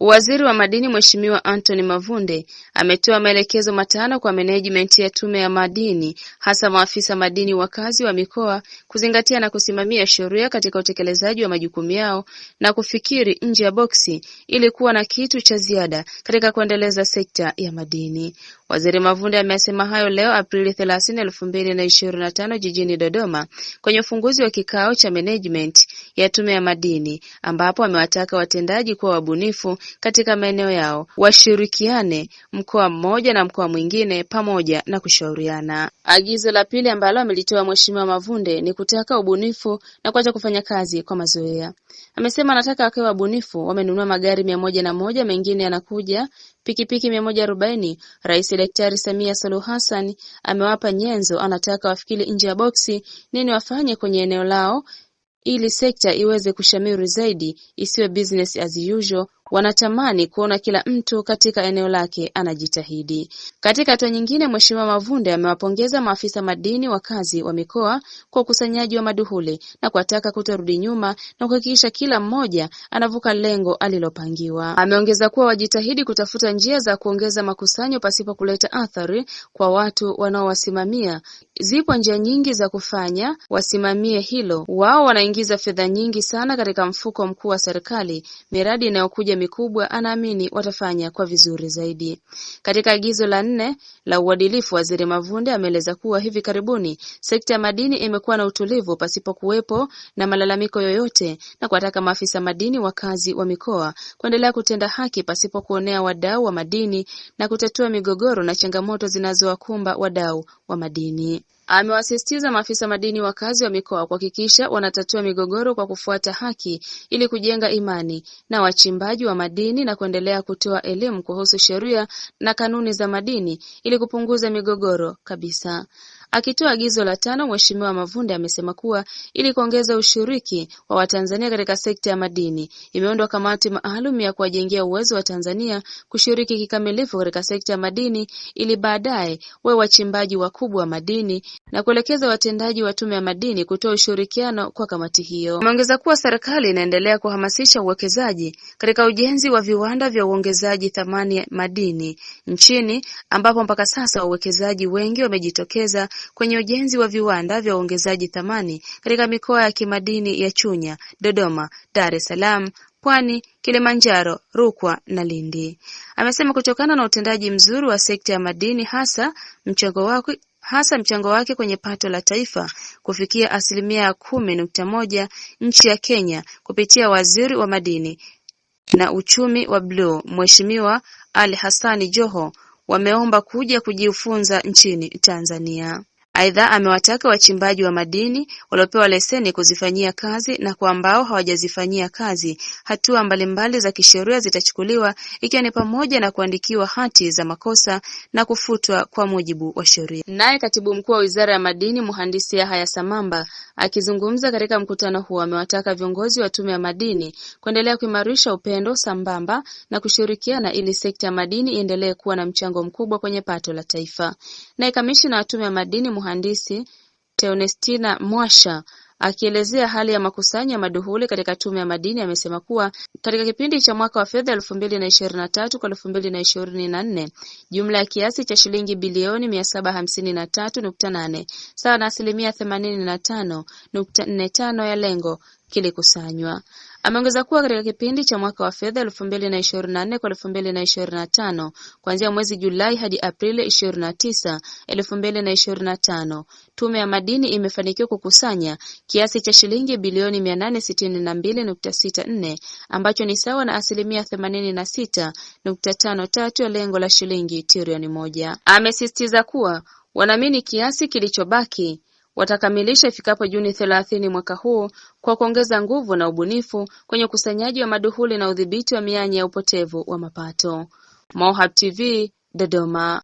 Waziri wa Madini Mheshimiwa Anthony Mavunde ametoa maelekezo matano kwa management ya Tume ya Madini hasa maafisa madini wakazi wa mikoa kuzingatia na kusimamia sheria katika utekelezaji wa majukumu yao na kufikiri nje ya boksi ili kuwa na kitu cha ziada katika kuendeleza sekta ya madini. Waziri Mavunde amesema hayo leo Aprili 30, 2025 jijini Dodoma kwenye ufunguzi wa kikao cha management ya Tume ya Madini ambapo amewataka watendaji kuwa wabunifu katika maeneo yao washirikiane mkoa mmoja na mkoa mwingine pamoja na kushauriana. Agizo la pili ambalo amelitoa Mheshimiwa Mavunde ni kutaka ubunifu na kuacha kufanya kazi kwa mazoea. Amesema anataka wakiwa wabunifu. Wamenunua magari mia moja na moja, mengine yanakuja, pikipiki mia moja arobaini. Rais Daktari Samia Suluhu Hassan amewapa nyenzo, anataka wafikiri nje ya boksi, nini wafanye kwenye eneo lao ili sekta iweze kushamiri zaidi, isiwe business as usual wanatamani kuona kila mtu katika eneo lake anajitahidi katika hatua nyingine Mheshimiwa Mavunde amewapongeza maafisa madini wakazi wa mikoa kwa ukusanyaji wa maduhuli na kuwataka kutorudi nyuma na kuhakikisha kila mmoja anavuka lengo alilopangiwa ameongeza kuwa wajitahidi kutafuta njia za kuongeza makusanyo pasipo kuleta athari kwa watu wanaowasimamia zipo njia nyingi za kufanya wasimamie hilo wao wanaingiza fedha nyingi sana katika mfuko mkuu wa serikali miradi inayokuja mikubwa anaamini watafanya kwa vizuri zaidi. Katika agizo la nne la uadilifu, Waziri Mavunde ameeleza kuwa hivi karibuni sekta ya madini imekuwa na utulivu pasipo kuwepo na malalamiko yoyote, na kuwataka maafisa madini wakazi wa mikoa kuendelea kutenda haki pasipo kuonea wadau wa madini na kutatua migogoro na changamoto zinazowakumba wadau wa madini. Amewasisitiza maafisa madini wakazi wa mikoa kuhakikisha wanatatua migogoro kwa kufuata haki ili kujenga imani na wachimbaji wa madini na kuendelea kutoa elimu kuhusu sheria na kanuni za madini ili kupunguza migogoro kabisa. Akitoa agizo la tano Mheshimiwa Mavunde amesema kuwa ili kuongeza ushiriki wa Watanzania katika sekta ya madini imeundwa kamati maalum ya kuwajengea uwezo wa tanzania kushiriki kikamilifu katika sekta ya madini ili baadaye we wachimbaji wakubwa wa madini na kuelekeza watendaji wa Tume ya Madini kutoa ushirikiano kwa kamati hiyo. Ameongeza kuwa serikali inaendelea kuhamasisha uwekezaji katika ujenzi wa viwanda vya uongezaji thamani ya madini nchini ambapo mpaka sasa wawekezaji wengi wamejitokeza kwenye ujenzi wa viwanda vya uongezaji thamani katika mikoa ya kimadini ya Chunya, Dodoma, Dar es Salaam, Pwani, Kilimanjaro, Rukwa na Lindi. Amesema kutokana na utendaji mzuri wa sekta ya madini hasa mchango wake hasa mchango wake kwenye pato la taifa kufikia asilimia kumi nukta moja nchi ya Kenya kupitia waziri wa madini na uchumi wa bluu Mheshimiwa Ali Hassani Joho wameomba kuja kujifunza nchini Tanzania Aidha amewataka wachimbaji wa madini waliopewa leseni kuzifanyia kazi na kwa ambao hawajazifanyia kazi hatua mbalimbali za kisheria zitachukuliwa ikiwa ni pamoja na kuandikiwa hati za makosa na kufutwa kwa mujibu wa sheria. Naye Katibu Mkuu wa Wizara ya Madini Mhandisi Yahaya Samamba akizungumza katika mkutano huo amewataka viongozi wa Tume ya Madini kuendelea kuimarisha upendo sambamba na kushirikiana ili sekta ya madini iendelee kuwa na mchango mkubwa kwenye pato la taifa. Naye kamishina wa Tume ya Madini Mhandisi Teonestina Mwasha akielezea hali ya makusanyo ya maduhuli katika Tume ya Madini amesema kuwa katika kipindi cha mwaka wa fedha elfu mbili na ishirini na tatu kwa elfu mbili na ishirini na nne jumla ya kiasi cha shilingi bilioni mia saba hamsini na tatu nukta nane sawa na asilimia themanini na tano nukta nne tano ya lengo kilikusanywa. Ameongeza kuwa katika kipindi cha mwaka wa fedha 2024 kwa 2025, kuanzia mwezi Julai hadi Aprili 29 2025, Tume ya Madini imefanikiwa kukusanya kiasi cha shilingi bilioni 862.64 ambacho ni sawa na asilimia 8653 ya lengo la shilingi trilioni moja. Amesisitiza kuwa wanaamini kiasi kilichobaki watakamilisha ifikapo Juni 30 mwaka huu kwa kuongeza nguvu na ubunifu kwenye ukusanyaji wa maduhuli na udhibiti wa mianya ya upotevu wa mapato. MOHAB TV, Dodoma.